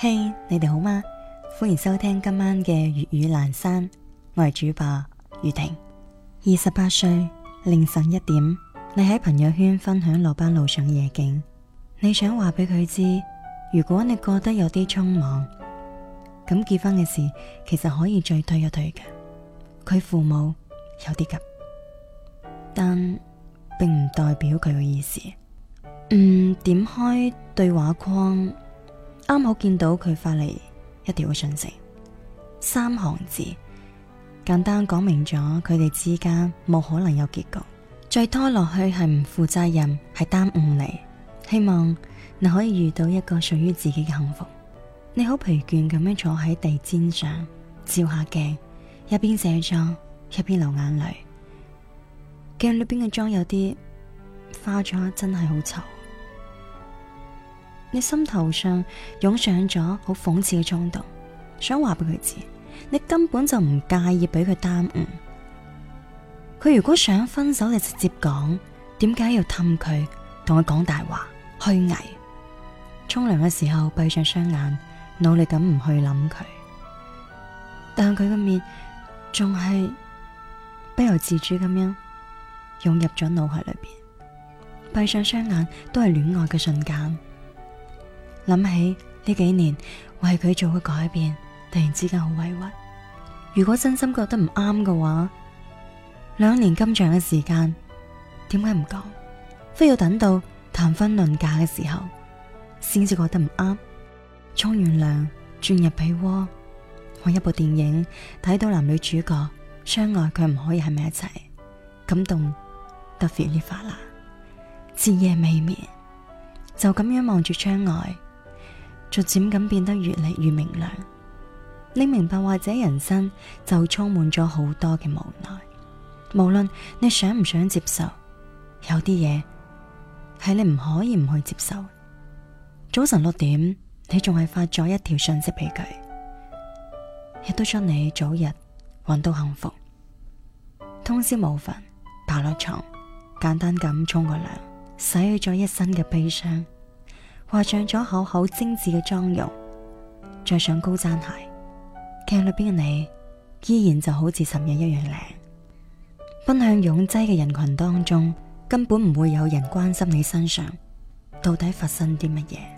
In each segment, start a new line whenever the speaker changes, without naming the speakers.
嘿，hey, 你哋好嗎？歡迎收聽今晚嘅粵語闌珊，我係主播雨婷。二十八歲凌晨一點，你喺朋友圈分享落班路上夜景，你想話俾佢知，如果你覺得有啲匆忙，咁結婚嘅事其實可以再推一推嘅。佢父母有啲急，但並唔代表佢嘅意思。嗯，點開對話框。啱好見到佢發嚟一條信息，三行字，簡單講明咗佢哋之間冇可能有結局，再拖落去係唔負責任，係耽誤你。希望你可以遇到一個屬於自己嘅幸福。你好疲倦咁樣坐喺地氈上，照下鏡，一邊卸妝，一邊流眼淚，鏡裏邊嘅妝有啲花咗，真係好醜。你心頭上湧上咗好諷刺嘅衝動，想話俾佢知，你根本就唔介意俾佢耽誤。佢如果想分手，就直接講，點解要氹佢？同佢講大話，虛偽。沖涼嘅時候，閉上雙眼，努力咁唔去諗佢。但佢個面仲係不由自主咁樣湧入咗腦海裏邊。閉上雙眼都係戀愛嘅瞬間。諗起呢幾年為佢做嘅改變，突然之間好委屈。如果真心覺得唔啱嘅話，兩年金長嘅時間點解唔講，非要等到談婚論嫁嘅時候先至覺得唔啱？沖完涼轉入被窩，看一部電影，睇到男女主角窗外佢唔可以喺埋一齊，感動得 feel 熱啦。子夜未眠，就咁樣望住窗外。逐漸咁變得越嚟越明亮，你明白或者人生就充滿咗好多嘅無奈，無論你想唔想接受，有啲嘢係你唔可以唔去接受。早晨六點，你仲係發咗一條信息俾佢，亦都祝你早日揾到幸福。通宵無瞓，爬落床，簡單咁沖個涼，洗去咗一身嘅悲傷。畫上咗厚厚精緻嘅妝容，着上高踭鞋，鏡裏邊嘅你依然就好似尋日一樣靚。奔向擁擠嘅人群當中，根本唔會有人關心你身上到底發生啲乜嘢。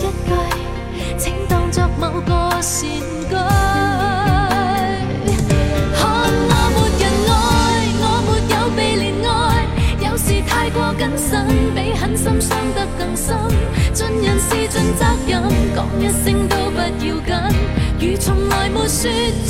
一句，請當作某個善舉。看我沒人愛，我沒有被憐愛。有時太過謹慎，比狠心傷得更深。盡人事盡責任，講一聲都不要緊，如從來沒說。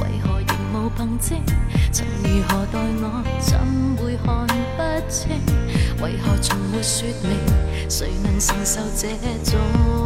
為何仍無憑證？曾如何待我，怎會看不清？為何從沒說明？誰能承受這種。